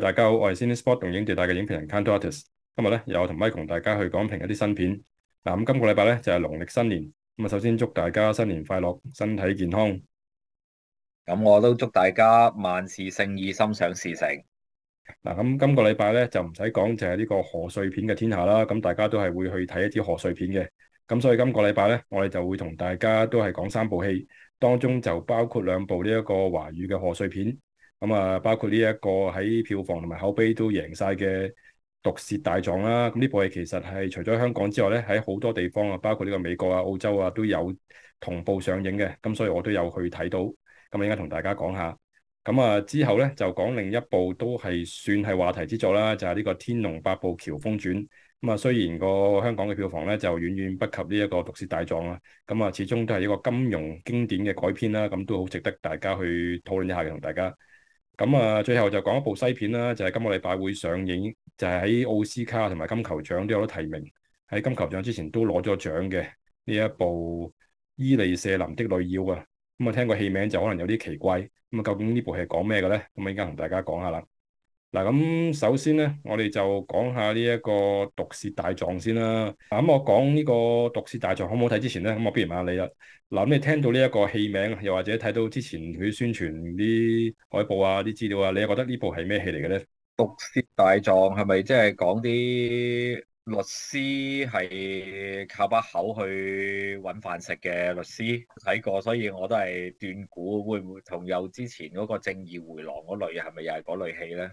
大家好，我係 Cinespot 動映地帶嘅影評人 Kantorates，今日咧又我同 Mike 同大家去講評一啲新片。嗱、啊，咁今個禮拜咧就係農曆新年，咁啊首先祝大家新年快樂，身體健康。咁我都祝大家萬事勝意，心想事成。嗱、啊，咁今個禮拜咧就唔使講，就係呢個賀歲片嘅天下啦。咁大家都係會去睇一啲賀歲片嘅，咁所以今個禮拜咧我哋就會同大家都係講三部戲，當中就包括兩部呢一個華語嘅賀歲片。咁啊，包括呢一個喺票房同埋口碑都贏晒嘅《毒舌大狀》啦。咁呢部戲其實係除咗香港之外咧，喺好多地方啊，包括呢個美國啊、澳洲啊都有同步上映嘅。咁所以我都有去睇到。咁啊，應該同大家講下。咁啊，之後咧就講另一部都係算係話題之作啦，就係呢個《天龍八部》《喬峰傳》。咁啊，雖然個香港嘅票房咧就遠遠不及呢一個《毒舌大狀》啦。咁啊，始終都係一個金庸經典嘅改編啦。咁都好值得大家去討論一下，同大家。咁最後就講一部西片啦，就係、是、今個禮拜會上映，就係、是、喺奧斯卡同埋金球獎都有得提名，喺金球獎之前都攞咗獎嘅呢一部《伊尼舍林的女妖》啊，咁啊，聽個戲名就可能有啲奇怪，咁啊，究竟呢部戲係講咩嘅呢？咁啊，依家同大家講一下啦。嗱，咁首先咧，我哋就講下呢、這、一個《毒舌大狀》先啦。咁、嗯、我講呢、這個《毒舌大狀》好唔好睇之前咧，咁、嗯、我不如問下你啦。嗱、嗯，你聽到呢一個戲名，又或者睇到之前佢宣傳啲海報啊、啲資料啊，你又覺得部呢部係咩戲嚟嘅咧？《毒舌大狀》係咪即係講啲律師係靠把口去搵飯食嘅律師？睇過，所以我都係斷估會唔會同有之前嗰個正義回廊嗰類係咪又係嗰類戲咧？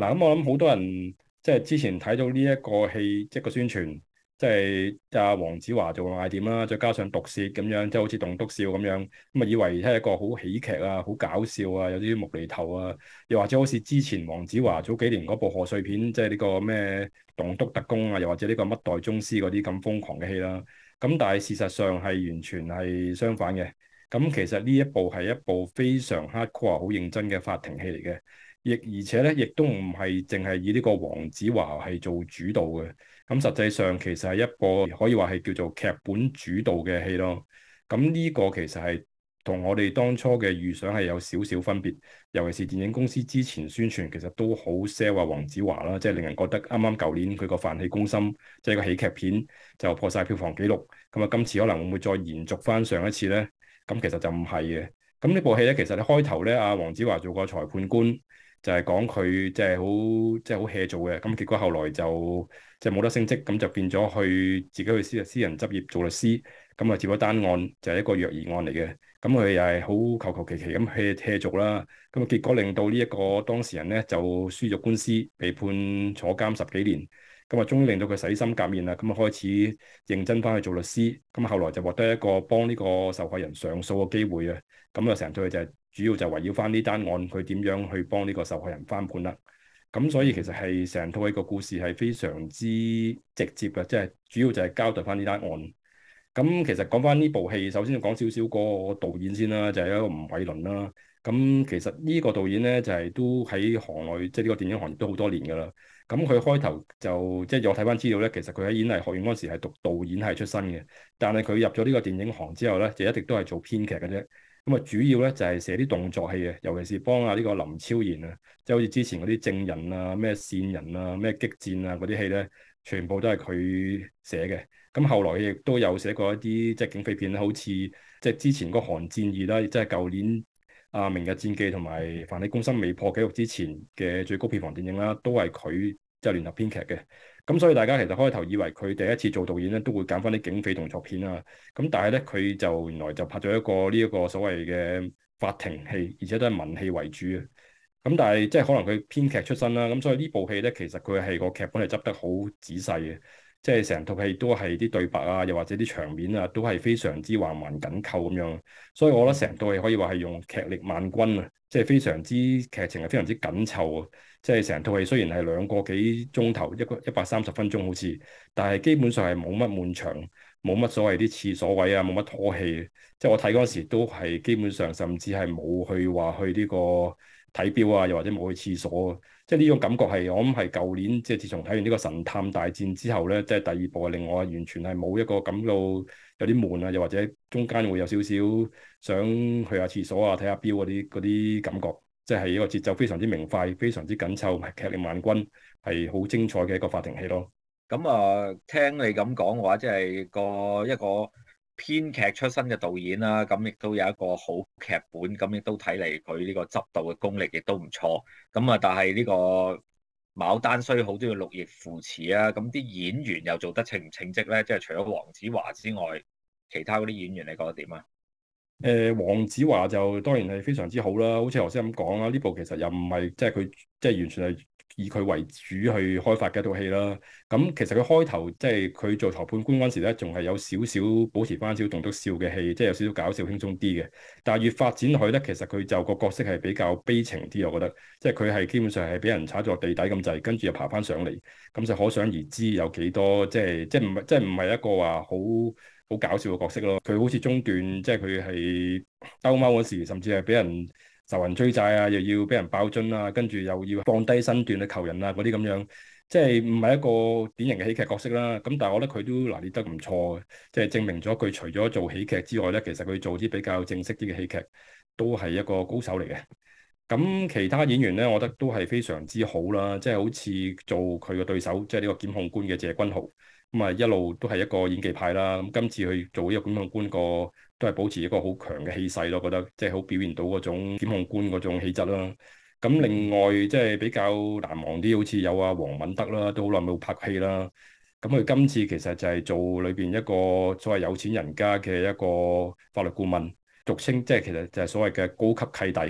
嗱咁、啊嗯，我諗好多人即係之前睇到呢一個戲，即個宣傳，即係阿黃子華做賣點啦，再加上毒舌咁樣，即係好似《棟篤笑》咁樣，咁、嗯、啊以為係一個好喜劇啊，好搞笑啊，有啲無厘頭啊，又或者好似之前黃子華早幾年嗰部賀歲片，即係呢個咩《棟篤特工》啊，又或者呢、呢個《乜代宗師》嗰啲咁瘋狂嘅戲啦。咁但係事實上係完全係相反嘅。咁其實呢一部係一部非常 hardcore 好認真嘅法庭戲嚟嘅。亦而且咧，亦都唔係淨係以呢個黃子華係做主導嘅。咁實際上其實係一個可以話係叫做劇本主導嘅戲咯。咁呢個其實係同我哋當初嘅預想係有少少分別。尤其是電影公司之前宣傳，其實都好 sell 話黃子華啦，即係令人覺得啱啱舊年佢個《飯戲攻心》即係個喜劇片就破晒票房紀錄。咁啊，今次可能會唔會再延續翻上一次咧？咁其實就唔係嘅。咁呢部戲咧，其實你開頭咧，阿黃子華做過裁判官。就係講佢即係好即係好 hea 做嘅，咁結果後來就即係冇得升職，咁就變咗去自己去私私人執業做律師，咁啊接咗單案就係、係、一個虐兒案嚟嘅，咁佢又係好求求其其咁去 hea 做啦，咁啊結果令到呢一個當事人咧就輸咗官司，被判坐監十幾年，咁啊終於令到佢洗心革面啦，咁啊開始認真翻去做律師，咁後來就獲得一個幫呢個受害人上訴嘅機會啊！咁啊！成套嘢就係主要就圍繞翻呢單案，佢點樣去幫呢個受害人翻盤啦？咁、嗯、所以其實係成套一個故事係非常之直接嘅，即係主要就係交代翻呢單案。咁、嗯、其實講翻呢部戲，首先要講少少個導演先啦，就係、是、一個吳煒倫啦。咁、嗯、其實呢個導演咧就係、是、都喺行內，即係呢個電影行業都好多年㗎啦。咁、嗯、佢開頭就即係我睇翻資料咧，其實佢喺演藝學院嗰時係讀導演系出身嘅，但係佢入咗呢個電影行之後咧，就一直都係做編劇嘅啫。咁啊，主要咧就係寫啲動作戲嘅，尤其是幫啊呢個林超然啊，即係好似之前嗰啲證人啊、咩線人啊、咩激戰啊嗰啲戲咧，全部都係佢寫嘅。咁後來亦都有寫過一啲即係警匪片，好似即係之前個寒戰二啦，亦即係舊年啊明日戰記同埋凡你功心未破監獄之前嘅最高票房電影啦，都係佢即就聯、是、合編劇嘅。咁所以大家其實開頭以為佢第一次做導演咧都會揀翻啲警匪動作片啦、啊，咁但係咧佢就原來就拍咗一個呢一個所謂嘅法庭戲，而且都係文戲為主嘅。咁但係即係可能佢編劇出身啦，咁所以部戲呢部戲咧其實佢係個劇本係執得好仔細嘅。即係成套戲都係啲對白啊，又或者啲場面啊，都係非常之環環緊扣咁樣。所以我覺得成套戲可以話係用劇力萬鈞啊，即係非常之劇情係非常之緊湊啊。即係成套戲雖然係兩個幾鐘頭，一個一百三十分鐘好似，但係基本上係冇乜漫長。冇乜所謂啲廁所位啊，冇乜拖戲，即係我睇嗰時都係基本上，甚至係冇去話去呢個睇表啊，又或者冇去廁所啊，即係呢種感覺係我諗係舊年，即係自從睇完呢個《神探大戰》之後咧，即係第二部，令我完全係冇一個感到有啲悶啊，又或者中間會有少少想去下廁所啊，睇下表嗰啲啲感覺，即係係一個節奏非常之明快、非常之緊湊，劇力萬鈞係好精彩嘅一個法庭戲咯。咁啊、嗯，聽你咁講嘅話，即係個一個編劇出身嘅導演啦。咁亦都有一個好劇本，咁亦都睇嚟佢呢個執導嘅功力亦都唔錯。咁啊，但係呢個牡丹雖好，都要綠葉扶持啊。咁啲演員又做得稱唔稱職咧？即係除咗黃子華之外，其他嗰啲演員你覺得點啊？誒、呃，黃子華就當然係非常之好啦。好似頭先咁講啦，呢部其實又唔係即係佢即係完全係。以佢為主去開發嘅一套戲啦，咁其實佢開頭即係佢做裁判官嗰時咧，仲係有少少保持翻少少棟篤笑嘅戲，即係有少少搞笑輕鬆啲嘅。但係越發展落去咧，其實佢就個角色係比較悲情啲，我覺得。即係佢係基本上係俾人踩咗地底咁滯，跟住又爬翻上嚟，咁就可想而知有幾多即係即係唔係即係唔係一個話好好搞笑嘅角色咯。佢好似中段即係佢係兜貓嗰時，甚至係俾人。受人追債啊，又要俾人爆樽啊，跟住又要放低身段去求人啊，嗰啲咁樣，即係唔係一個典型嘅喜劇角色啦。咁但係我覺得佢都拿捏得唔錯，即係證明咗佢除咗做喜劇之外咧，其實佢做啲比較正式啲嘅喜劇都係一個高手嚟嘅。咁其他演員咧，我覺得都係非常之好啦。即係好似做佢個對手，即係呢個檢控官嘅謝君豪，咁啊一路都係一個演技派啦。咁今次去做呢個檢控官個。都係保持一個好強嘅氣勢咯，我覺得即係好表現到嗰種檢控官嗰種氣質啦。咁另外即係比較難忘啲，好似有阿、啊、王敏德啦，都好耐冇拍戲啦。咁佢今次其實就係做裏邊一個所謂有錢人家嘅一個法律顧問，俗稱即係其實就係所謂嘅高級契弟。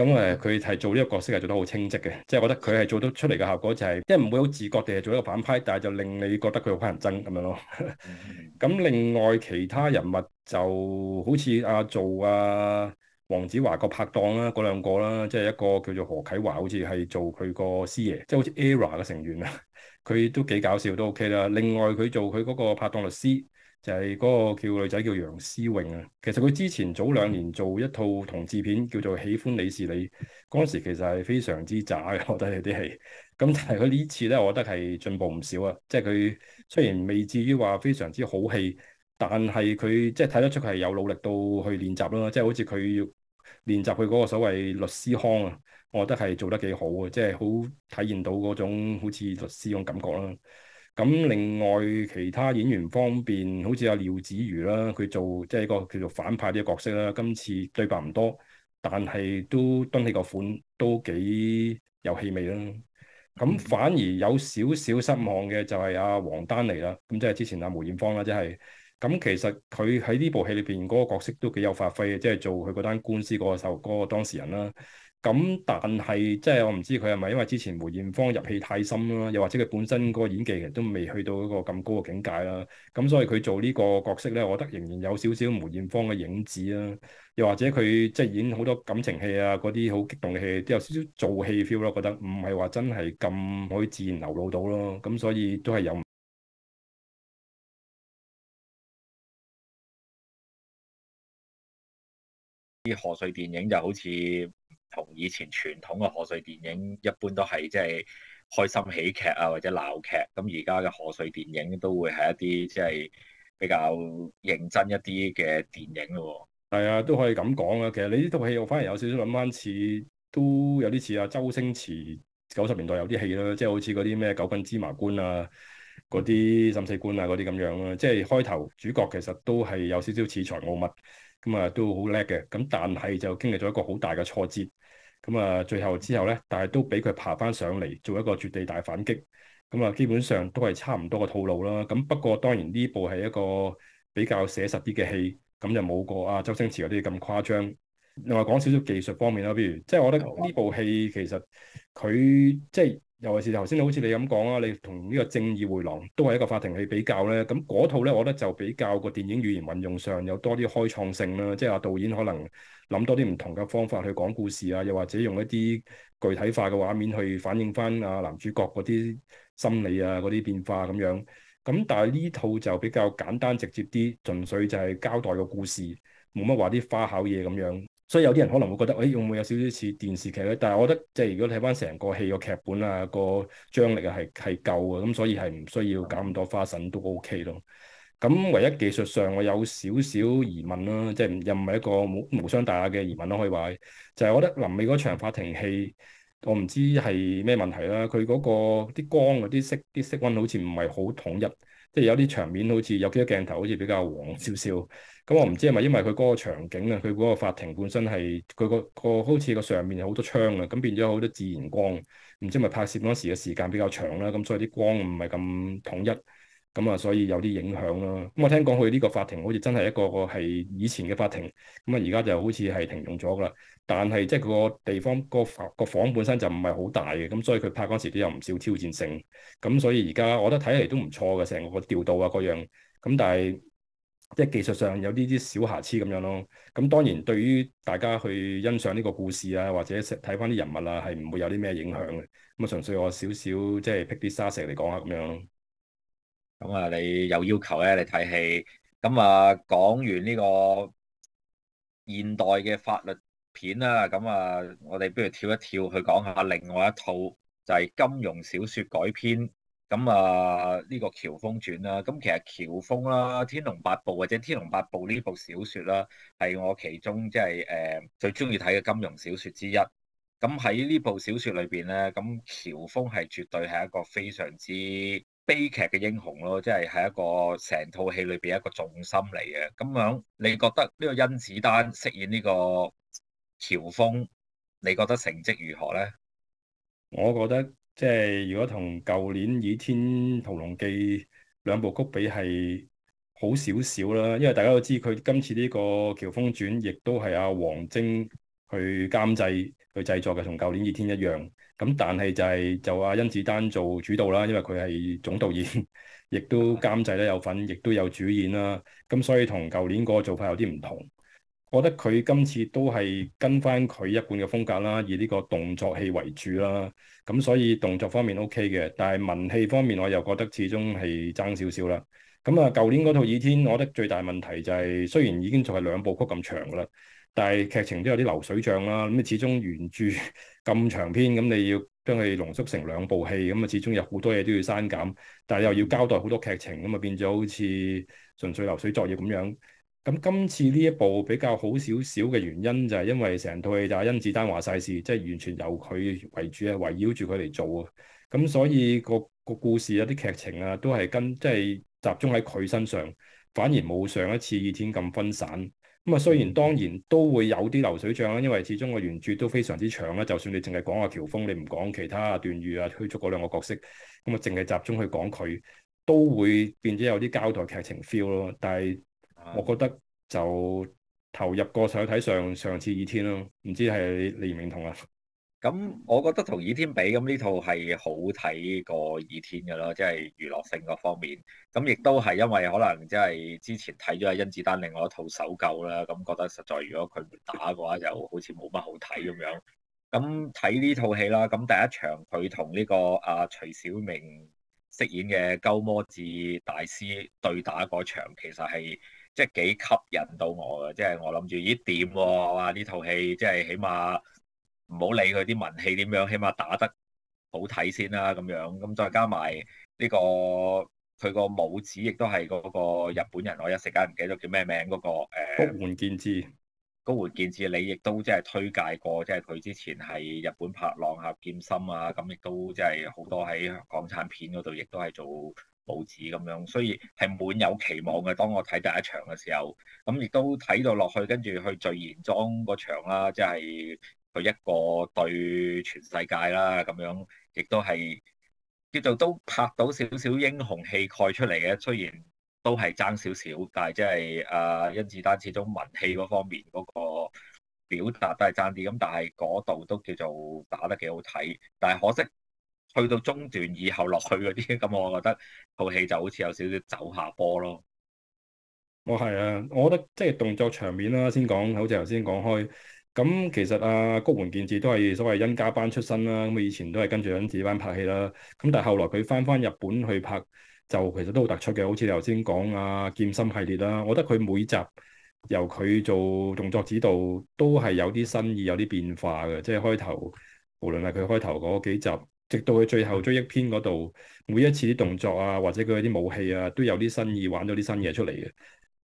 咁誒，佢係、嗯、做呢個角色係做得好稱職嘅，即係覺得佢係做得出嚟嘅效果就係、是，即係唔會好自覺地係做一個反派，但係就令你覺得佢好乞人憎咁樣咯。咁 另外其他人物就好似阿、啊、做啊黃子華個拍檔啦，嗰兩個啦，即係一個叫做何啟華，好似係做佢個師爺，即係好似 ERROR 嘅成員啊，佢 都幾搞笑都 OK 啦。另外佢做佢嗰個拍檔律師。就係嗰個叫女仔叫楊偲泳啊，其實佢之前早兩年做一套同志片叫做《喜歡你是你》，嗰時其實係非常之渣，我覺得佢啲戲。咁但係佢呢次咧，我覺得係進步唔少啊。即係佢雖然未至於話非常之好戲，但係佢即係睇得出係有努力到去練習啦。即係好似佢要練習佢嗰個所謂律師腔啊，我覺得係做得幾好啊。即係好體現到嗰種好似律師嗰種感覺啦。咁另外其他演員方面，好似阿廖子妤啦，佢做即係、就是、一個叫做反派啲角色啦。今次對白唔多，但係都蹲起個款都幾有氣味啦。咁反而有少少失望嘅就係阿王丹妮啦。咁即係之前阿梅艷芳啦，即係咁其實佢喺呢部戲裏邊嗰個角色都幾有發揮嘅，即、就、係、是、做佢嗰單官司嗰首受嗰個當事人啦。咁但係即係我唔知佢係咪因為之前梅艷芳入戲太深啦，又或者佢本身個演技其實都未去到一個咁高嘅境界啦。咁所以佢做呢個角色咧，我覺得仍然有少少梅艷芳嘅影子啦。又或者佢即係演好多感情戲啊，嗰啲好激動嘅戲都有少少做戲 feel 咯。覺得唔係話真係咁可以自然流露到咯。咁所以都係有啲賀歲電影就好似～同以前傳統嘅賀歲電影一般都係即係開心喜劇啊，或者鬧劇。咁而家嘅賀歲電影都會係一啲即係比較認真一啲嘅電影咯、啊。係啊，都可以咁講啊。其實你呢套戲我反而有少少諗翻似，都有啲似啊周星馳九十年代有啲戲啦，即係好似嗰啲咩九品芝麻官啊、嗰啲審死官啊嗰啲咁樣啦。即係開頭主角其實都係有少少恃才傲物，咁啊都好叻嘅。咁但係就經歷咗一個好大嘅挫折。咁啊，最後之後咧，但係都俾佢爬翻上嚟，做一個絕地大反擊。咁啊，基本上都係差唔多個套路啦。咁不過當然呢部係一個比較寫實啲嘅戲，咁就冇過阿、啊、周星馳嗰啲咁誇張。另外講少少技術方面啦，譬如即係、即係、我覺得呢部戲其實佢即係。即係尤其是頭先好似你咁講啊，你同呢個《正義回廊》都係一個法庭去比較咧，咁嗰套咧，我覺得就比較個電影語言運用上有多啲開創性啦，即係阿導演可能諗多啲唔同嘅方法去講故事啊，又或者用一啲具體化嘅畫面去反映翻阿男主角嗰啲心理啊嗰啲變化咁樣。咁但係呢套就比較簡單直接啲，純粹就係交代個故事，冇乜話啲花巧嘢咁樣。所以有啲人可能會覺得，誒會唔會有少少似電視劇咧？但係我覺得，即係如果睇翻成個戲個劇本啊，個張力啊係係夠嘅，咁所以係唔需要搞咁多花神都 O K 咯。咁唯一技術上我有少少疑問啦，即係又唔係一個無無傷大雅嘅疑問咯，可以話就係我覺得臨尾嗰場法庭戲，我唔知係咩問題啦，佢嗰個啲光啲色啲色溫好似唔係好統一。即係有啲場面好似有幾多鏡頭好似比較黃少少，咁我唔知係咪因為佢嗰個場景啊，佢嗰個法庭本身係佢個個好似個上面有好多窗啊，咁變咗好多自然光，唔知係咪拍攝嗰陣時嘅時間比較長啦，咁所以啲光唔係咁統一。咁啊，所以有啲影響咯。咁我聽講佢呢個法庭好似真係一個個係以前嘅法庭，咁啊，而家就好似係停用咗噶啦。但係即係個地方、個房個房本身就唔係好大嘅，咁所以佢拍嗰時都有唔少挑戰性。咁所以而家我覺得睇嚟都唔錯嘅，成個調度啊，嗰樣。咁但係即係技術上有啲啲小瑕疵咁樣咯。咁當然對於大家去欣賞呢個故事啊，或者睇翻啲人物啊，係唔會有啲咩影響嘅。咁啊，純粹我少少即係撇啲砂石嚟講下咁樣咯。咁啊，你有要求咧？你睇戲。咁啊，講完呢個現代嘅法律片啦，咁啊，我哋不如跳一跳去講下另外一套就係、是、金庸小說改編，咁啊，呢、這個《喬峰傳》啦，咁其實《喬峰》啦，《天龍八部》或者《天龍八部》呢部小說啦，係我其中即係誒最中意睇嘅金庸小說之一。咁喺呢部小說裏邊咧，咁喬峰係絕對係一個非常之。悲劇嘅英雄咯，即係喺一個成套戲裏邊一個重心嚟嘅。咁樣你覺得呢個甄子丹飾演呢個喬峰，你覺得成績如何呢？我覺得即係、就是、如果同舊年《倚天屠龍記》兩部曲比係好少少啦，因為大家都知佢今次呢個《喬峰傳》亦都係阿王晶。佢監製佢製作嘅，同舊年《倚天》一樣。咁但係就係就阿甄子丹做主導啦，因為佢係總導演，亦都監製得有份，亦都有主演啦。咁所以同舊年嗰個做法有啲唔同。我覺得佢今次都係跟翻佢一貫嘅風格啦，以呢個動作戲為主啦。咁所以動作方面 OK 嘅，但係文戲方面我又覺得始終係爭少少啦。咁啊，舊年嗰套《倚天》，我覺得最大問題就係雖然已經仲係兩部曲咁長啦。但係劇情都有啲流水帳啦、啊，咁你始終原著咁長篇，咁你要將佢濃縮成兩部戲，咁啊始終有好多嘢都要刪減，但係又要交代好多劇情，咁啊變咗好似純粹流水作業咁樣。咁今次呢一部比較好少少嘅原因就係因為成套戲就係甄子丹話晒事，即係完全由佢為主啊，圍繞住佢嚟做啊，咁所以個個故事有啲劇情啊，都係跟即係、就係、集中喺佢身上，反而冇上一次《倚天》咁分散。咁啊，嗯、雖然當然都會有啲流水帳啦，因為始終個原著都非常之長啦。就算你淨係講阿喬峰，你唔講其他段譽、啊，虛竹嗰兩個角色，咁、嗯、啊，淨係集中去講佢，都會變咗有啲交代劇情 feel 咯。但係我覺得就投入過上去睇上上次倚天咯，唔知係你認唔認同啊。咁我覺得同倚天比，咁呢套係好睇過倚天噶咯，即係娛樂性嗰方面。咁亦都係因為可能即係之前睇咗阿甄子丹另外一套搜救啦，咁覺得實在如果佢唔打嘅話，就好似冇乜好睇咁樣。咁睇呢套戲啦，咁第一場佢同呢個阿徐小明飾演嘅鳩摩智大師對打嗰場，其實係即係幾吸引到我嘅，即係我諗住咦，掂喎，哇呢套戲即係起碼～唔好理佢啲文氣點樣，起碼打得好睇先啦、啊。咁樣咁再加埋呢、這個佢個武指，亦都係嗰個日本人，我一時間唔記得叫咩名嗰、那個。誒，谷垣健治，谷垣健治，你亦都即係推介過，即係佢之前係日本拍《浪客劍心》啊，咁亦都即係好多喺港產片嗰度，亦都係做武指咁樣，所以係滿有期望嘅。當我睇第一場嘅時候，咁亦都睇到落去，跟住去聚賢莊個場啦、啊，即係。佢一個對全世界啦，咁樣亦都係叫做都拍到少少英雄氣概出嚟嘅，雖然都係爭少少，但係即係啊，甄子丹始終文戲嗰方面嗰個表達都係爭啲咁，但係嗰度都叫做打得幾好睇。但係可惜去到中段以後落去嗰啲咁，我覺得套戲就好似有少少走下坡咯。我係、哦、啊，我覺得即係、就是、動作場面啦，先講，好似頭先講開。咁其實啊，谷垣健治都係所謂甄家班出身啦、啊。咁以前都係跟住甄子班拍戲啦、啊。咁但係後來佢返返日本去拍，就其實都好突出嘅。好似你頭先講啊，劍心系列啦、啊，我覺得佢每集由佢做動作指導，都係有啲新意、有啲變化嘅。即係開頭，無論係佢開頭嗰幾集，直到佢最後追憶篇嗰度，每一次啲動作啊，或者佢啲武器啊，都有啲新意，玩咗啲新嘢出嚟嘅。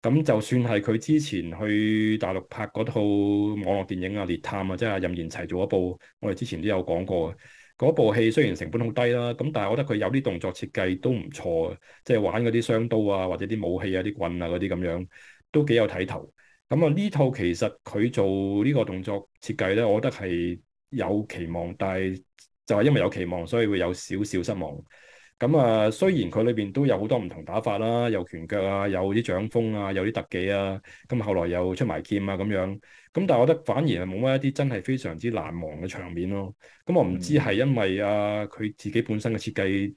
咁就算係佢之前去大陸拍嗰套網絡電影啊，《列探》啊，即係任賢齊做一部，我哋之前都有講過。嗰部戲雖然成本好低啦，咁但係我覺得佢有啲動作設計都唔錯，即係玩嗰啲雙刀啊，或者啲武器啊、啲棍啊嗰啲咁樣，都幾有睇頭。咁啊，呢套其實佢做呢個動作設計咧，我覺得係有期望，但係就係因為有期望，所以會有少少失望。咁啊，雖然佢裏邊都有好多唔同打法啦、啊，有拳腳啊，有啲掌風啊，有啲特技啊，咁後來又出埋劍啊咁樣。咁但係我覺得反而係冇乜一啲真係非常之難忘嘅場面咯。咁我唔知係因為啊佢自己本身嘅設計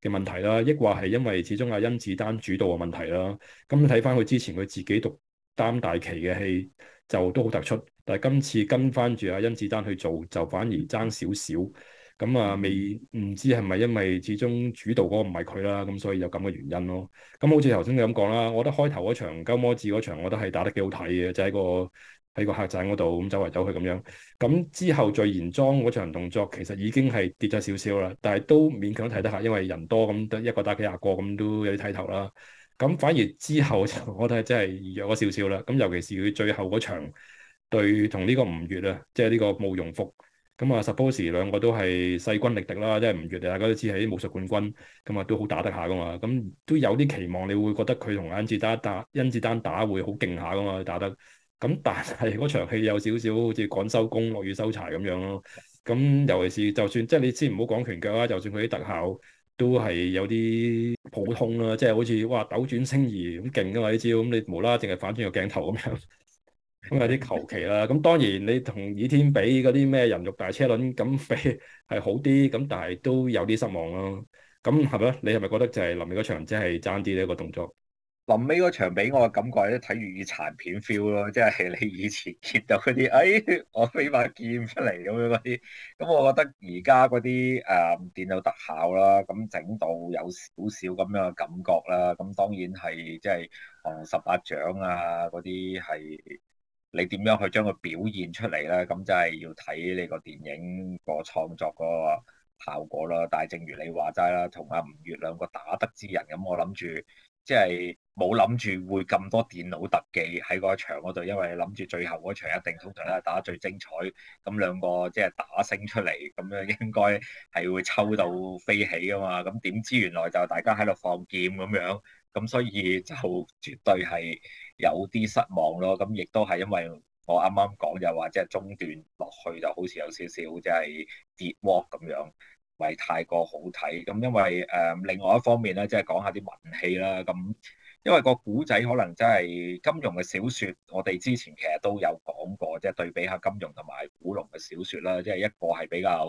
嘅問題啦、啊，抑或係因為始終啊甄子丹主導嘅問題啦、啊。咁睇翻佢之前佢自己獨擔大旗嘅戲就都好突出，但係今次跟翻住啊甄子丹去做就反而爭少少。咁啊、嗯，未唔知係咪因為始終主導嗰個唔係佢啦，咁所以有咁嘅原因咯。咁好似頭先你咁講啦，我覺得開頭嗰場鳩摩智嗰場，我都係打得幾好睇嘅，就喺個喺個客棧嗰度咁走嚟走去咁樣。咁、嗯、之後聚賢莊嗰場動作，其實已經係跌咗少少啦，但係都勉強睇得下，因為人多咁得一個打幾廿個咁都有啲睇頭啦。咁、嗯、反而之後就我覺得係真係弱咗少少啦。咁、嗯、尤其是佢最後嗰場對同呢個吳樾啊，即係呢個慕容復。咁啊，十 push 時兩個都係勢均力敵啦，即係唔弱啊！大家都知係武術冠軍，咁啊都好打得下噶嘛。咁都有啲期望，你會覺得佢同甄子丹打，甄子丹打會好勁下噶嘛？打得咁，但係嗰場戲有少少好似趕收工、落雨收柴咁樣咯。咁尤其是就算即係你先唔好講拳腳啦，就算佢啲特效都係有啲普通啦，即係好似哇斗轉星移咁勁噶嘛啲招，咁你無啦，淨係反轉個鏡頭咁樣。咁有啲求其啦，咁當然你同倚天比嗰啲咩人肉大車輪咁比係好啲，咁但係都有啲失望咯、啊。咁係咪，你係咪覺得就係臨尾嗰場即係爭啲呢個動作？臨尾嗰場俾我嘅感覺咧，睇粵語殘片 feel 咯，即係你以前見到嗰啲，哎，我飛把劍出嚟咁樣嗰啲。咁我覺得而家嗰啲誒電腦特效啦，咁整到有少少咁樣嘅感覺啦。咁當然係即係降龍十八掌啊嗰啲係。你點樣去將佢表現出嚟咧？咁真係要睇你個電影個創作個效果啦。但係正如你話齋啦，同阿吳樾兩個打得之人，咁我諗住即係冇諗住會咁多電腦特技喺個場嗰度，因為諗住最後嗰場一定通常咧打得最精彩。咁兩個即係打星出嚟，咁樣應該係會抽到飛起噶嘛。咁點知原來就大家喺度放劍咁樣。咁所以就絕對係有啲失望咯。咁亦都係因為我啱啱講又或者係中段落去就好似有少少即係跌窩咁樣，唔係太過好睇。咁因為誒、呃、另外一方面咧，即係講下啲文氣啦。咁因為個古仔可能真係金庸嘅小説，我哋之前其實都有講過，即係對比下金庸同埋古龍嘅小説啦。即係一個係比較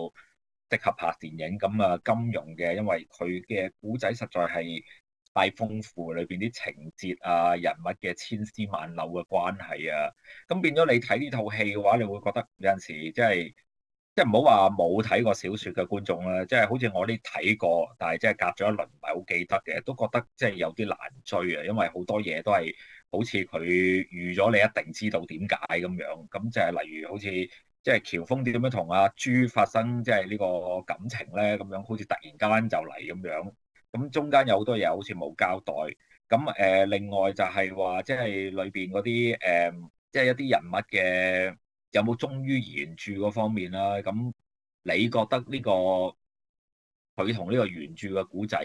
適合拍電影咁啊，金庸嘅因為佢嘅古仔實在係，太豐富，裏邊啲情節啊、人物嘅千絲萬縷嘅關係啊，咁變咗你睇呢套戲嘅話，你會覺得有陣時即係即係唔好話冇睇過小説嘅觀眾啦，即係好似我啲睇過，但係即係隔咗一輪唔係好記得嘅，都覺得即係有啲難追啊，因為好多嘢都係好似佢預咗你一定知道點解咁樣，咁即係例如好似即係喬峯點樣同阿朱發生即係呢個感情咧咁樣，好似突然間就嚟咁樣。咁中間有好多嘢好似冇交代，咁誒、呃、另外就係話，即係裏邊嗰啲誒，即係一啲人物嘅有冇忠於原著嗰方面啦。咁你覺得呢、呢個佢同呢個原著嘅古仔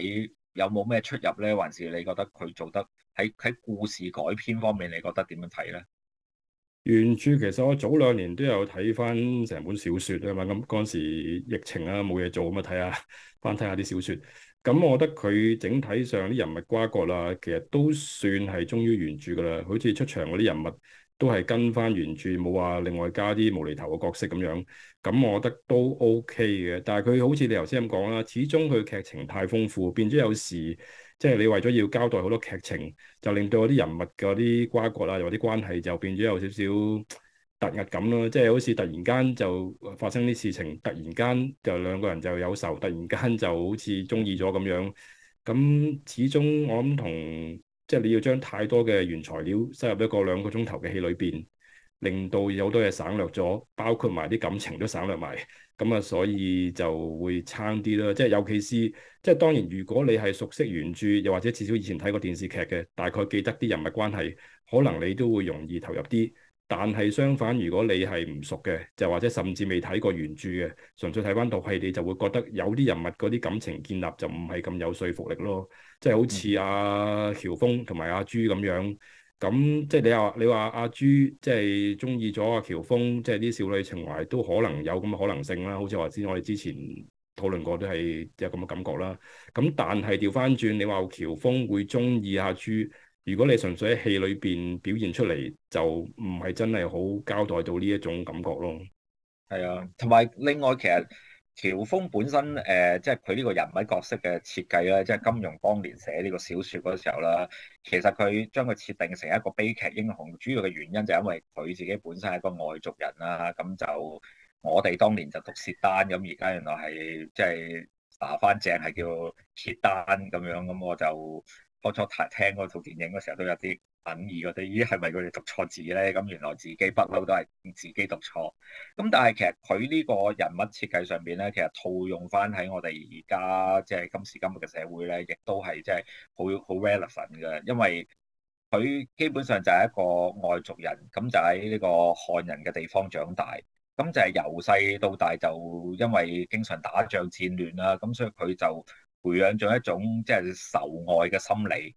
有冇咩出入咧？還是你覺得佢做得喺喺故事改編方面，你覺得點樣睇咧？原著其實我早兩年都有睇翻成本小説啊嘛，咁嗰陣時疫情啦冇嘢做咁啊，睇下翻睇下啲小説。咁我覺得佢整體上啲人物瓜葛啦，其實都算係忠於原著噶啦，好似出場嗰啲人物都係跟翻原著，冇話另外加啲無厘頭嘅角色咁樣。咁我覺得都 OK 嘅，但係佢好似你頭先咁講啦，始終佢劇情太豐富，變咗有時即係、就是、你為咗要交代好多劇情，就令到啲人物嗰啲瓜葛啦、啊，又或啲關係就變咗有少少。突兀咁咯，即係好似突然間就發生啲事情，突然間就兩個人就有仇，突然間就好似中意咗咁樣。咁始終我諗同即係你要將太多嘅原材料收入一個兩個鐘頭嘅戲裏邊，令到有好多嘢省略咗，包括埋啲感情都省略埋。咁啊，所以就會差啲咯，即係尤其是即係當然，如果你係熟悉原著，又或者至少以前睇過電視劇嘅，大概記得啲人物關係，可能你都會容易投入啲。但係相反，如果你係唔熟嘅，就或者甚至未睇過原著嘅，純粹睇翻套戲，你就會覺得有啲人物嗰啲感情建立就唔係咁有說服力咯。即係好似阿喬峰同埋阿朱咁樣，咁即係你又話你話阿朱即係中意咗阿喬峰，即係啲少女情懷都可能有咁嘅可能性啦。好似話先我哋之前討論過都係有咁嘅感覺啦。咁但係調翻轉，你話喬峰會中意阿朱？如果你純粹喺戲裏邊表現出嚟，就唔係真係好交代到呢一種感覺咯。係啊，同埋另外其實喬峰本身誒，即係佢呢個人物角色嘅設計咧，即係金庸當年寫呢個小說嗰時候啦，其實佢將佢設定成一個悲劇英雄，主要嘅原因就係因為佢自己本身係一個外族人啦。咁就我哋當年就讀薛丹，咁而家原來係即係打翻正係叫薛丹咁樣，咁我就。初初睇聽嗰套電影嘅時候都有啲隱義嗰啲，依啲係咪佢哋讀錯字咧？咁原來自己不嬲都係自己讀錯。咁但係其實佢呢個人物設計上邊咧，其實套用翻喺我哋而家即係今時今日嘅社會咧，亦都係即係好好 relevant 㗎。因為佢基本上就係一個外族人，咁就喺呢個漢人嘅地方長大，咁就係由細到大就因為經常打仗戰亂啦，咁所以佢就培養咗一種即係仇外嘅心理，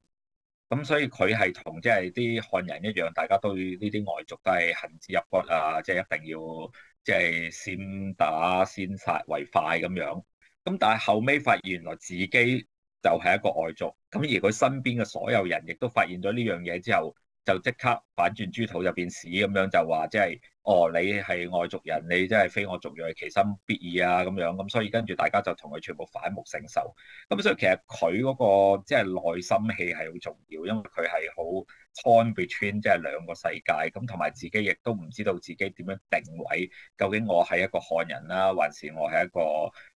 咁所以佢係同即係啲漢人一樣，大家都呢啲外族都係恨之入骨啊！即係一定要即係先打先殺為快咁樣。咁但係後尾發現原來自己就係一個外族，咁而佢身邊嘅所有人亦都發現咗呢樣嘢之後，就即刻反轉豬肚入邊屎咁樣就話即係。哦，你係外族人，你真係非我族裔，其心必異啊！咁樣，咁所以跟住大家就同佢全部反目成仇。咁所以其實佢嗰個即係內心戲係好重要，因為佢係好 torn between 即係兩個世界，咁同埋自己亦都唔知道自己點樣定位，究竟我係一個漢人啦，還是我係一個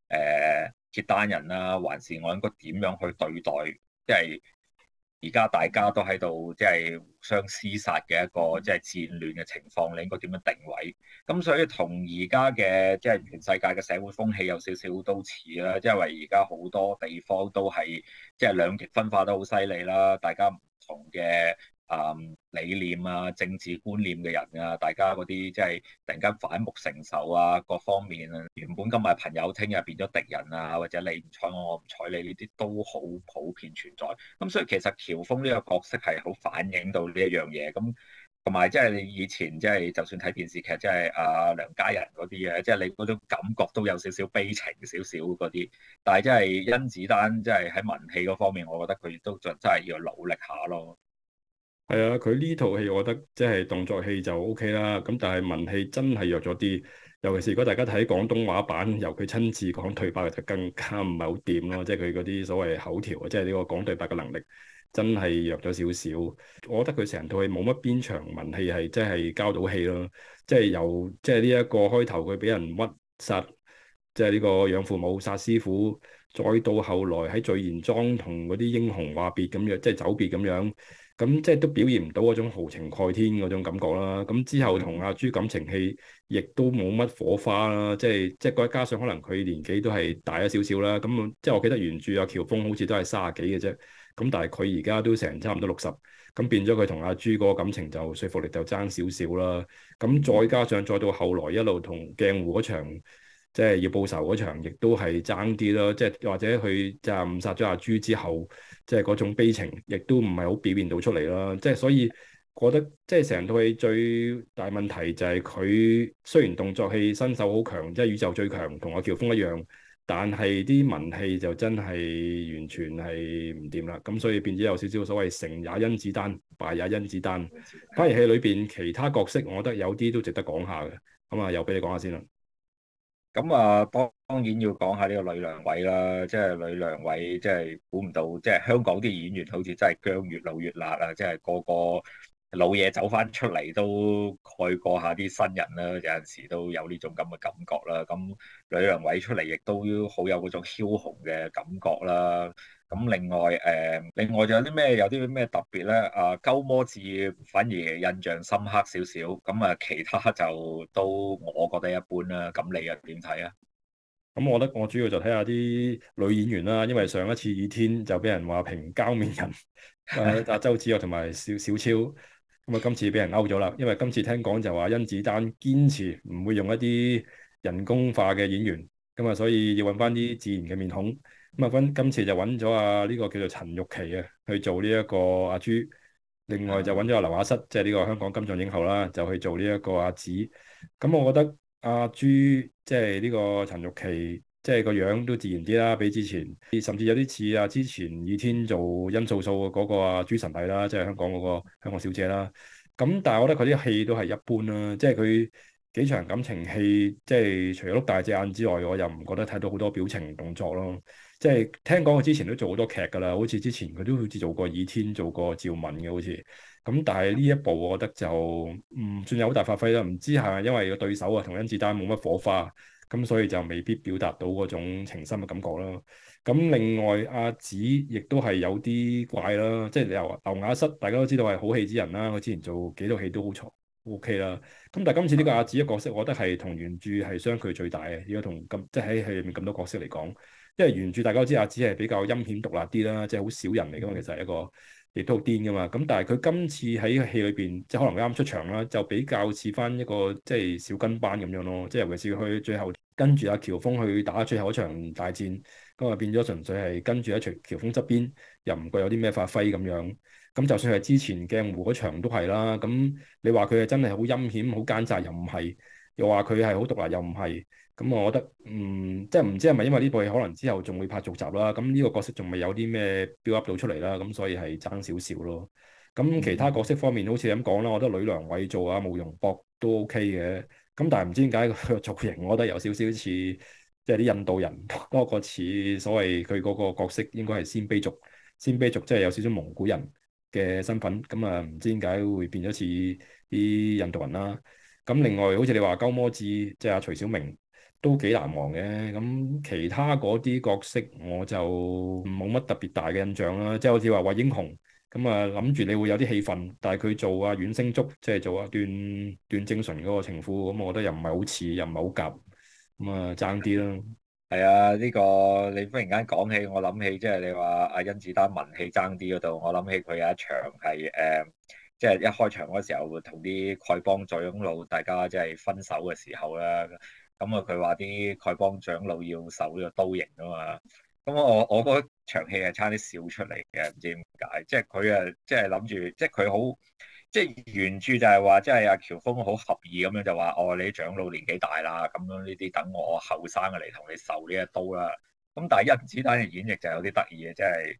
誒契丹人啦，還是我應該點樣去對待？即係。而家大家都喺度即係互相廝殺嘅一個，即係戰亂嘅情況，你應該點樣定位？咁所以同而家嘅即係全世界嘅社會風氣有少少都似啦，即係話而家好多地方都係，即係兩極分化得好犀利啦，大家唔同嘅。誒，um, 理念啊，政治觀念嘅人啊，大家嗰啲即係突然間反目成仇啊，各方面啊，原本今日朋友，聽日變咗敵人啊，或者你唔睬我，我唔睬你，呢啲都好普遍存在。咁所以其實喬峰呢個角色係好反映到呢一樣嘢。咁同埋即係你以前即係就算睇電視劇，啊，即係啊梁家仁嗰啲嘅，即係你嗰種感覺都有少少悲情少少嗰啲。但係即係甄子丹即係喺文戲嗰方面，我覺得佢都仲真係要努力下咯。係啊，佢呢套戲我覺得即係動作戲就 OK 啦，咁但係文戲真係弱咗啲。尤其是如果大家睇廣東話版，由佢親自講對白就更加唔係好掂咯，即係佢嗰啲所謂口條啊，即係呢個講對白嘅能力真係弱咗少少。我覺得佢成套戲冇乜邊場文戲係即係交到戲咯，即係由即係呢一個開頭佢俾人屈殺，即係呢個養父母殺師傅，再到後來喺聚賢莊同嗰啲英雄話別咁樣，即係走別咁樣。咁即係都表現唔到嗰種豪情蓋天嗰種感覺啦。咁之後同阿朱感情戲亦都冇乜火花啦。即係即係加上可能佢年紀都係大咗少少啦。咁即係我記得原著阿喬峰好似都係卅幾嘅啫。咁但係佢而家都成差唔多六十。咁變咗佢同阿朱個感情就說服力就差少少啦。咁再加上再到後來一路同鏡湖嗰場。即係要報仇嗰場，亦都係爭啲咯。即係或者佢即係誤殺咗阿朱之後，即係嗰種悲情，亦都唔係好表現到出嚟啦。即係所以覺得，即係成套戲最大問題就係佢雖然動作戲身手好強，即係宇宙最強，同阿喬峰一樣，但係啲文戲就真係完全係唔掂啦。咁所以變咗有少少所謂成也甄子丹，敗也甄子丹。反而戲裏邊其他角色，我覺得有啲都值得講下嘅。咁、嗯、啊，又俾你講下先啦。咁啊，當然要講下呢個呂良偉啦，即係呂良偉，即係估唔到，即係香港啲演員好似真係姜越老越辣啊！即係個個老嘢走翻出嚟都蓋過下啲新人啦，有陣時都有呢種咁嘅感覺啦。咁呂良偉出嚟亦都好有嗰種梟雄嘅感覺啦。咁另外誒、呃，另外仲有啲咩，有啲咩特別咧？啊，鳩摩智反而印象深刻少少，咁啊，其他就都我覺得一般啦。咁你又點睇啊？咁我覺得我主要就睇下啲女演員啦，因為上一次《倚天》就俾人話評膠面人，阿、啊、周芷若同埋少小超，咁啊今次俾人勾咗啦。因為今次聽講就話甄子丹堅持唔會用一啲人工化嘅演員，咁啊，所以要揾翻啲自然嘅面孔。咁啊，今今次就揾咗啊呢、這個叫做陳鈺琪啊，去做呢一個阿、啊、朱。另外就揾咗阿劉雅瑟，即係呢個香港金像影后啦，就去做呢一個阿、啊、紫。咁、嗯、我覺得阿朱即係呢個陳鈺琪，即、就、係、是、個樣都自然啲啦，比之前，甚至有啲似啊之前以天做《音素素》嗰個阿、啊、朱神弟啦，即係香港嗰、那個香港小姐啦。咁、嗯、但係我覺得佢啲戲都係一般啦，即係佢幾場感情戲，即係除咗碌大隻眼之外，我又唔覺得睇到好多表情動作咯。即係聽講佢之前都做好多劇㗎啦，好似之前佢都好似做過倚天，做過趙敏嘅好似，咁但係呢一部我覺得就唔算有好大發揮啦。唔知係咪因為個對手啊同甄子丹冇乜火花，咁所以就未必表達到嗰種情深嘅感覺咯。咁另外阿紫亦都係有啲怪啦，即係你又劉雅瑟，大家都知道係好戲之人啦。佢之前做幾套戲都好錯，OK 啦。咁但係今次呢個阿紫嘅角色，我覺得係同原著係相距最大嘅，如果同咁即係喺戲入面咁多角色嚟講。即係原著大家都知阿紫係比較陰險毒辣啲啦，即係好小人嚟噶嘛。其實係一個亦都好癲噶嘛。咁但係佢今次喺戲裏邊，即係可能啱啱出場啦，就比較似翻一個即係小跟班咁樣咯。即係尤其是佢最後跟住阿喬峰去打最後一場大戰，咁啊變咗純粹係跟住阿喬峰側邊，又唔會有啲咩發揮咁樣。咁就算係之前鏡湖嗰場都係啦。咁你話佢係真係好陰險、好奸詐，又唔係；又話佢係好毒辣，又唔係。咁我覺得，嗯，即係唔知係咪因為呢部戲可能之後仲會拍續集啦。咁呢個角色仲未有啲咩 build up 到出嚟啦，咁所以係爭少少咯。咁其他角色方面好似咁講啦，我覺得呂良偉做啊，慕容博都 O K 嘅。咁但係唔知點解個造型我覺得有少少似即係啲印度人，多過似所謂佢嗰個角色應該係鮮卑族，鮮卑族即係有少少蒙古人嘅身份。咁啊唔知點解會變咗似啲印度人啦。咁另外、嗯、好似你話鳩摩智，即係阿徐小明。都幾難忘嘅，咁其他嗰啲角色我就冇乜特別大嘅印象啦。即係好似話惠英紅，咁啊諗住你會有啲氣憤，但係佢做啊阮星竹，即係做啊段段正淳嗰個情婦，咁我覺得又唔係好似，又唔係好夾，咁啊爭啲啦。係啊，呢個你忽然間講起，我諗起即係你話阿甄子丹文戲爭啲嗰度，我諗起佢有一場係誒，即係一開場嗰時候同啲丐幫左擁右，大家即係分手嘅時候啦。咁啊，佢話啲丐幫長老要受呢個刀刑啊嘛，咁我我嗰場戲係差啲笑出嚟嘅，唔知點解，即係佢啊，即係諗住，即係佢好，即係原著就係話，即係阿喬峰好合意，咁樣就話，哦，你長老年紀大啦，咁樣，呢啲等我後生嘅嚟同你受呢一刀啦。咁但係甄子丹嘅演繹就有啲得意嘅，即係。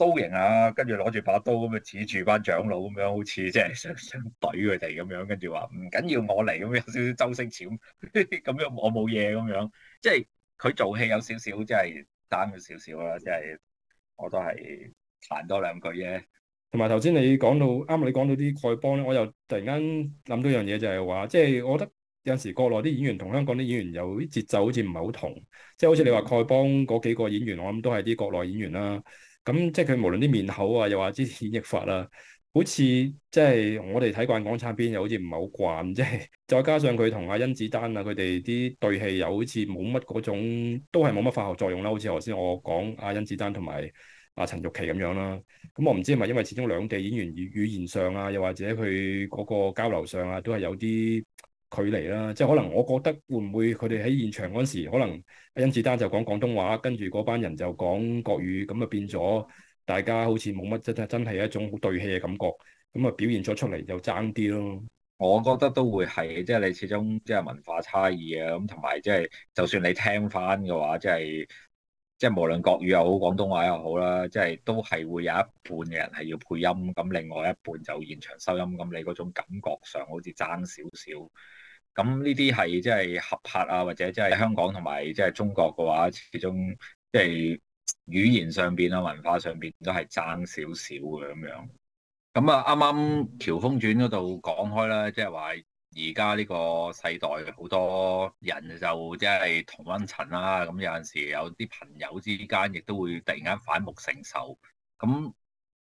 刀型啊，跟住攞住把刀咁啊，指住班長老咁樣，好似即係想想懟佢哋咁樣，跟住話唔緊要我嚟，咁有少少周星馳咁咁樣，我冇嘢咁樣，即係佢做戲有少少，即係慘咗少少啦，即係我都係彈多兩句嘅。同埋頭先你講到啱啊，啱啱你講到啲丐幫咧，我又突然間諗到樣嘢，就係話，即係我覺得有時國內啲演員同香港啲演員有啲節奏好似唔係好同，即係好似你話丐幫嗰幾個演員，我諗都係啲國內演員啦。咁、嗯、即係佢無論啲面口啊，又或者啲演繹法啊，好似即係我哋睇慣港產片，又好似唔係好慣，即係再加上佢同阿甄子丹啊，佢哋啲對戲又好似冇乜嗰種，都係冇乜化學作用啦，啊。好似頭先我講阿甄子丹同埋阿陳鈺琪咁樣啦，啊。咁、嗯、我唔知係咪因為始終兩地演員語言上啊，又或者佢嗰個交流上啊，都係有啲。距離啦，即係可能我覺得會唔會佢哋喺現場嗰時，可能甄子丹就講廣東話，跟住嗰班人就講國語，咁啊變咗大家好似冇乜真真係一種好對戲嘅感覺，咁啊表現咗出嚟就爭啲咯。我覺得都會係，即係你始終即係文化差異啊，咁同埋即係就算你聽翻嘅話，即係即係無論國語又好廣東話又好啦，即係都係會有一半嘅人係要配音，咁另外一半就現場收音，咁你嗰種感覺上好似爭少少。咁呢啲係即係合拍啊，或者即係香港同埋即係中國嘅話，始終即係語言上邊啊，文化上邊都係爭少少嘅咁樣。咁啊，啱啱《喬峰傳》嗰度講開啦，即係話而家呢個世代好多人就即係同温層啦。咁有陣時有啲朋友之間亦都會突然間反目成仇。咁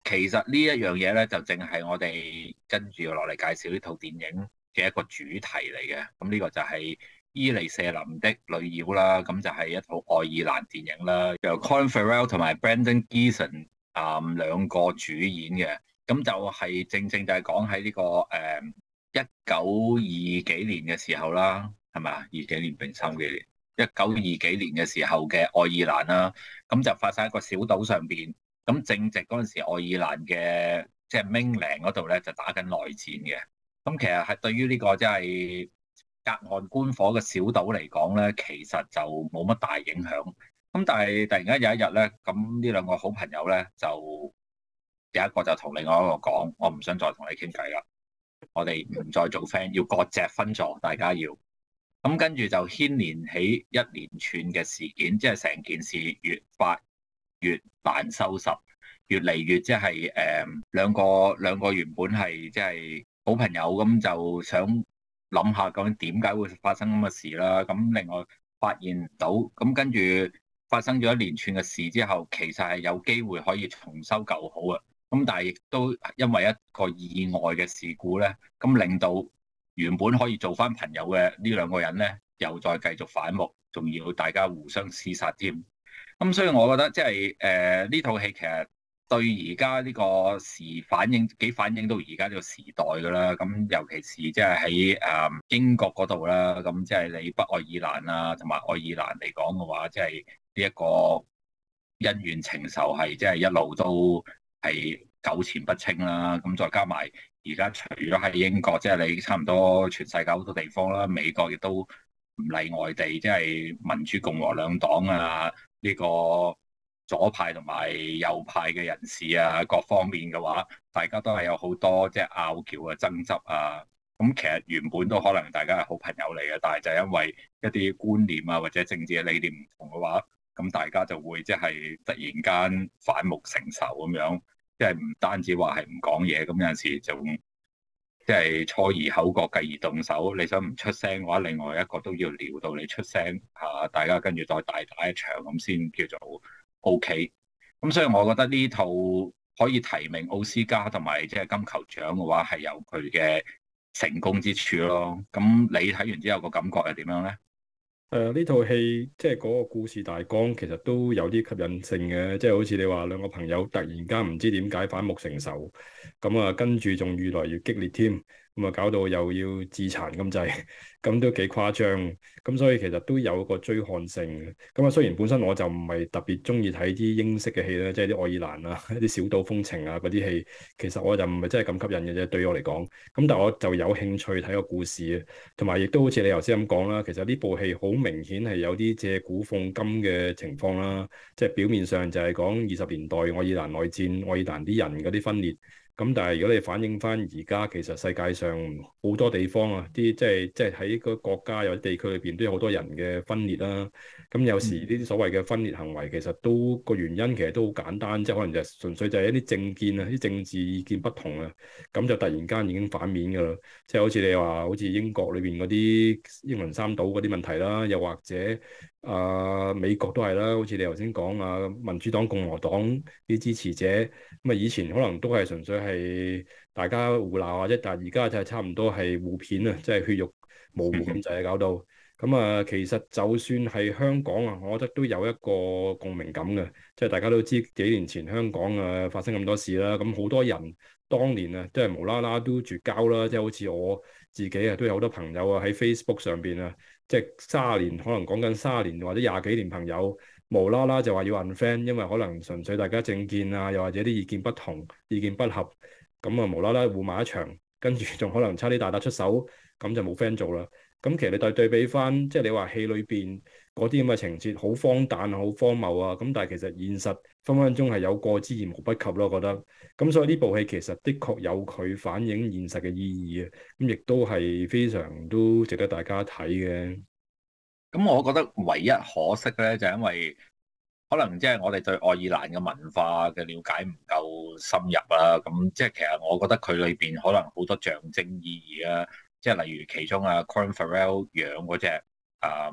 其實呢一樣嘢咧，就淨係我哋跟住落嚟介紹呢套電影嘅一個主題嚟嘅，咁呢個就係《伊尼舍林的女妖》啦，咁就係一套愛爾蘭電影啦，由 Colin Farrell 同埋 Brendan Gleeson 啊、嗯、兩個主演嘅，咁就係正正就係講喺呢、呢個誒一九二幾年嘅時候啦，係咪啊？二幾年定三幾年？一九二幾年嘅時候嘅愛爾蘭啦，咁就發生喺個小島上邊，咁正值嗰陣時愛爾蘭嘅即係 mainland 嗰度咧就打緊內戰嘅。咁其實係對於呢個即係隔岸觀火嘅小島嚟講咧，其實就冇乜大影響。咁但係突然間有一日咧，咁呢兩個好朋友咧就有一個就同另外一個講：我唔想再同你傾偈啦，我哋唔再做 friend，要割席分座，大家要。咁跟住就牽連起一連串嘅事件，即係成件事越發越難收拾，越嚟越即係誒兩個兩個原本係即係。好朋友，咁就想諗下究竟點解會發生咁嘅事啦？咁另外發現到，咁跟住發生咗一連串嘅事之後，其實係有機會可以重修舊好啊！咁但係亦都因為一個意外嘅事故咧，咁令到原本可以做翻朋友嘅呢兩個人咧，又再繼續反目，仲要大家互相廝殺添。咁所以我覺得即係誒呢套戲其實。對而家呢個時反映幾反映到而家呢個時代㗎啦，咁尤其是即係喺誒英國嗰度啦，咁即係你北愛爾蘭啊，同埋愛爾蘭嚟講嘅話，即係呢一個恩怨情仇係即係一路都係糾纏不清啦、啊。咁再加埋而家除咗喺英國，即、就、係、是、你差唔多全世界好多地方啦，美國亦都唔例外地，即、就、係、是、民主共和兩黨啊呢、這個。左派同埋右派嘅人士啊，各方面嘅話，大家都係有好多即係拗撬嘅爭執啊。咁其實原本都可能大家係好朋友嚟嘅，但係就係因為一啲觀念啊或者政治嘅理念唔同嘅話，咁大家就會即係突然間反目成仇咁樣，即係唔單止話係唔講嘢，咁有陣時就即係初而口角，繼而動手。你想唔出聲嘅話，另外一個都要撩到你出聲吓，大家跟住再大打一場咁先叫做。OK，咁所以我覺得呢套可以提名奧斯卡同埋即係金球獎嘅話，係有佢嘅成功之處咯。咁你睇完之後個感覺係點樣呢？誒、呃，呢套戲即係嗰個故事大綱其實都有啲吸引性嘅，即係好似你話兩個朋友突然間唔知點解反目成仇，咁、嗯、啊、嗯、跟住仲越來越激烈添。咁啊，搞到又要自殘咁滯，咁 都幾誇張，咁所以其實都有一個追看性。咁啊，雖然本身我就唔係特別中意睇啲英式嘅戲啦，即係啲愛爾蘭啊、啲小島風情啊嗰啲戲，其實我就唔係真係咁吸引嘅啫。對於我嚟講，咁但係我就有興趣睇個故事，同埋亦都好似你頭先咁講啦。其實呢部戲好明顯係有啲借古諷今嘅情況啦，即係表面上就係講二十年代愛爾蘭內戰，愛爾蘭啲人嗰啲分裂。咁但係如果你反映翻而家其實世界上好多地方啊，啲即係即係喺個國家或者地區裏邊都有好多人嘅分裂啦。咁有時呢啲所謂嘅分裂行為，其實都個原因其實都好簡單，即係可能就純粹就係一啲政見啊、啲政治意見不同啊，咁就突然間已經反面㗎啦。即係好似你話，好似英國裏邊嗰啲英倫三島嗰啲問題啦，又或者啊、呃、美國都係啦，好似你頭先講啊民主黨共和黨啲支持者，咁啊以前可能都係純粹係大家互鬧啊，即但係而家就係差唔多係互片啊，即係血肉模糊咁就係搞到。 咁啊、嗯，其實就算係香港啊，我覺得都有一個共鳴感嘅，即係大家都知幾年前香港啊發生咁多事啦。咁、嗯、好多人當年啊，都係無啦啦都絕交啦，即係好似我自己啊，都有好多朋友啊喺 Facebook 上邊啊，即係卅年可能講緊卅年或者廿幾年朋友，無啦啦就話要 unfriend，因為可能純粹大家政見啊，又或者啲意見不同、意見不合，咁、嗯、啊、嗯、無啦啦互罵一場，跟住仲可能差啲大打出手，咁、嗯、就冇 friend 做啦。咁其實你對對比翻，即係你話戲裏邊嗰啲咁嘅情節好荒誕、啊，好荒謬啊，咁但係其實現實分分鐘係有過之而無不及咯，我覺得。咁所以呢部戲其實的確有佢反映現實嘅意義啊，咁亦都係非常都值得大家睇嘅。咁我覺得唯一可惜咧，就係因為可能即係我哋對愛爾蘭嘅文化嘅了解唔夠深入啊，咁即係其實我覺得佢裏邊可能好多象徵意義啊。即係例如其中啊，Colin Farrell 養嗰隻啊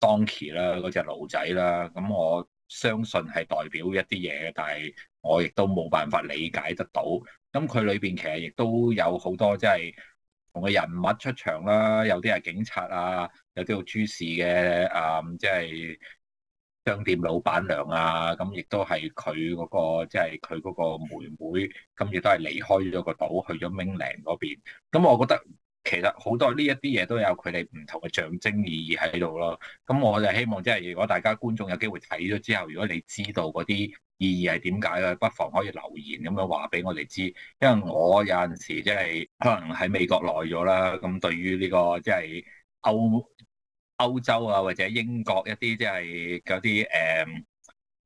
Donkey 啦，嗰隻驢仔啦，咁我相信係代表一啲嘢嘅，但係我亦都冇辦法理解得到。咁佢裏邊其實亦都有好多即係同嘅人物出場啦，有啲係警察啊，有啲做諸事嘅啊，即、um, 係商店老闆娘啊，咁亦都係佢嗰個即係佢嗰個妹妹，咁亦都係離開咗個島去咗 Mainland 嗰邊。咁我覺得。其實好多呢一啲嘢都有佢哋唔同嘅象徵意義喺度咯，咁我就希望即係如果大家觀眾有機會睇咗之後，如果你知道嗰啲意義係點解咧，不妨可以留言咁樣話俾我哋知，因為我有陣時即係、就是、可能喺美國耐咗啦，咁對於呢個即係歐歐洲啊或者英國一啲即係嗰啲誒。嗯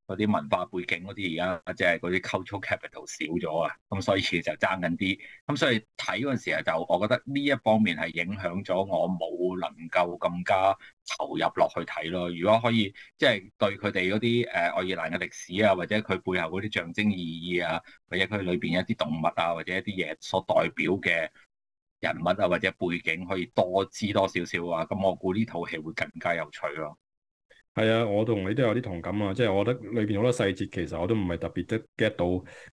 嗰啲文化背景嗰啲而家即係嗰啲 cultural capital 少咗啊，咁所以就爭緊啲，咁所以睇嗰陣時候就我覺得呢一方面係影響咗我冇能夠咁加投入落去睇咯。如果可以即係、就是、對佢哋嗰啲誒愛爾蘭嘅歷史啊，或者佢背後嗰啲象徵意義啊，或者佢裏邊一啲動物啊，或者一啲嘢所代表嘅人物啊，或者背景可以多知多少少啊，咁我估呢套戲會更加有趣咯、啊。係啊，我同你都有啲同感啊，即係我覺得裏邊好多細節其實我都唔係特別得 get 到。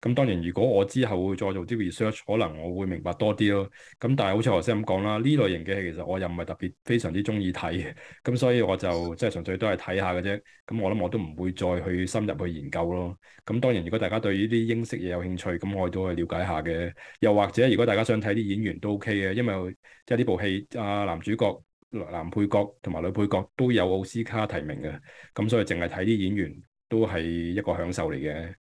咁當然，如果我之後會再做啲 research，可能我會明白多啲咯。咁但係好似頭先咁講啦，呢類型嘅戲其實我又唔係特別非常之中意睇。咁所以我就即係純粹都係睇下嘅啫。咁我諗我都唔會再去深入去研究咯。咁當然，如果大家對呢啲英式嘢有興趣，咁我都可以瞭解下嘅。又或者，如果大家想睇啲演員都 OK 嘅，因為即係呢部戲啊男主角。男配角同埋女配角都有奧斯卡提名嘅，咁所以淨係睇啲演員都係一個享受嚟嘅。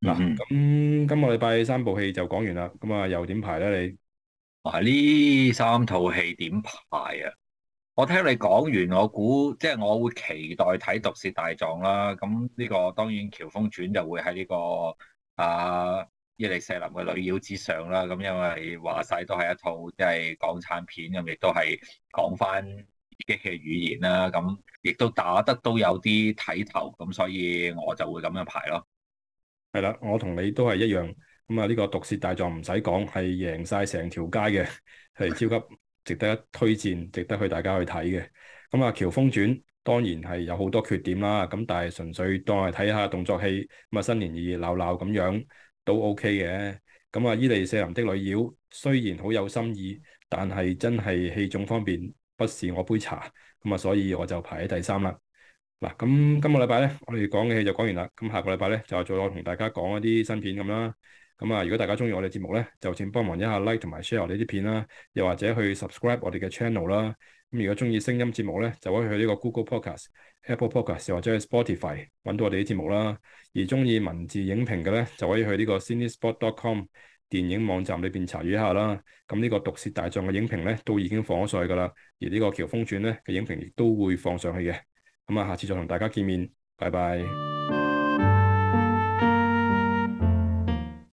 嗱、嗯，咁今個禮拜三部戲就講完啦，咁啊又點排咧？你啊呢三套戲點排啊？我聽你講完，我估即係我會期待睇《毒舌大狀》啦。咁呢、這個當然《喬峰傳》就會喺呢、這個啊。伊尼舍林》嘅女妖之上啦，咁因為話晒都係一套即係港產片，咁亦都係講翻自己嘅語言啦，咁亦都打得都有啲睇頭，咁所以我就會咁樣排咯。係啦，我同你都係一樣，咁啊呢個《毒舌大狀》唔使講，係贏晒成條街嘅，係超級值得一推薦，值得去大家去睇嘅。咁啊《喬峰傳》當然係有好多缺點啦，咁但係純粹當係睇下動作戲，咁啊新年熱熱鬧鬧咁樣，都 OK 嘅，咁啊《伊尼舍林的女妖》雖然好有心意，但係真係戲種方面不是我杯茶，咁啊所以我就排喺第三啦。嗱、啊，咁、嗯、今個禮拜呢，我哋講嘅戲就講完啦。咁、嗯、下個禮拜呢，就再同大家講一啲新片咁啦。咁、嗯、啊、嗯，如果大家中意我哋節目呢，就請幫忙一下 like 同埋 share 呢啲片啦，又或者去 subscribe 我哋嘅 channel 啦。咁、嗯、如果中意聲音節目呢，就可以去呢個 Google Podcast，Apple Podcast 或者喺 Spotify 揾到我哋啲節目啦，而中意文字影評嘅咧，就可以去呢個 CineSpot.com 電影網站裏邊查閱一下啦。咁、嗯這個、呢個《毒舌大狀嘅影評咧，都已經放咗上去噶啦，而個喬傳呢個《喬峰傳》咧嘅影評亦都會放上去嘅。咁、嗯、啊，下次再同大家見面，拜拜。